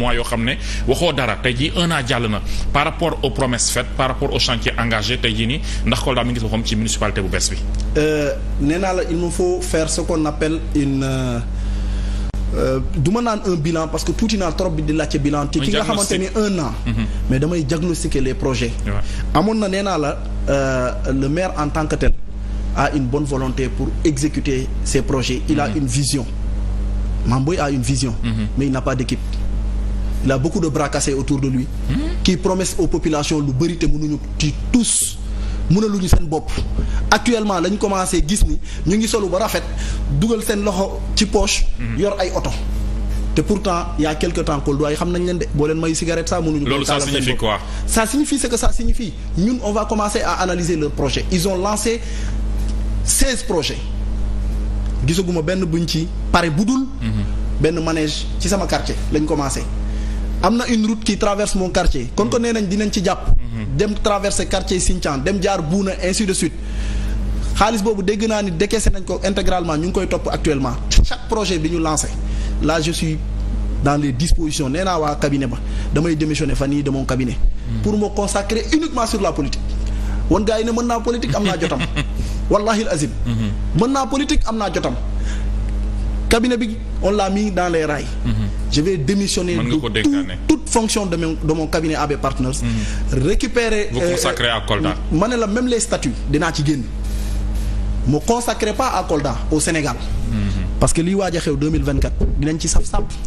mois yoo xam ne waxoo dara tey jii un an jàll na par rapport aux promesses faites par rapport aux chantiers engagés tey jii nii ndax Kolda mi ngi xam ci municipalité bu bees bi. Euh, nee la il nous faut faire ce euh, euh, ma naan un bilan parce que tuuti naa trop bi di laajte bilan ci ki nga xamante ni un an mhm. mais damay diagnostiquer les projets amoon na nee la le maire en tant que a une bonne volonté pour exécuter ses projets il mm a une vision Mamboy a une vision mais n'a pas d'équipe il a beaucoup de bras cassés autour de lui qui promettent aux populations lu bëri te mënuñu ci tous mënaluñu seen bopp actuellement lañu commencé gis ni ñu ngi solu ba rafet dugal seen loxo ci poche yor ay oto te pourtant il y a quelque temps que doy xam nañ leen de boo leen may cigarette sax mënuñu. loolu ça signifie quoi ça signifie ce que ça signifie ñun on va commencer à analyser leur projet ils ont lancé seize projets gisaguma benn buñ ci pare dul mhm. benn manège ci sama quartier lañ commencé. am na une route ki traverse mon quartier kon ko nee nañ dinañ ci jàpp dem traverser quartier Sinthiane dem jaar Buuna ainsi de suite xaalis boobu dégg naa ni décaissé nañ ko intégralement ñu ngi koy topp actuellement chaque projet bi ñu lancé là je suis dans les dispositions nee naa waa cabinet ba damay démissionner fa yii de mon cabinet hmm. pour me consacrer uniquement sur la politique wan gars yi ne mën naa politique am naa jotam wallahi azim hmm. mën naa politique am naa jotam cabinet bi l'a mis dans les rails hmm. je vais démissionner de tout, toute fonction de mon, de cabinet AB Partners mmh. récupérer vous euh, ma ne la même les statuts dinaa ci génn me consacrer pas à Kolda au Sénégal mmh. parce que liy waaj a xew 2024 dinañ ci saab sàpp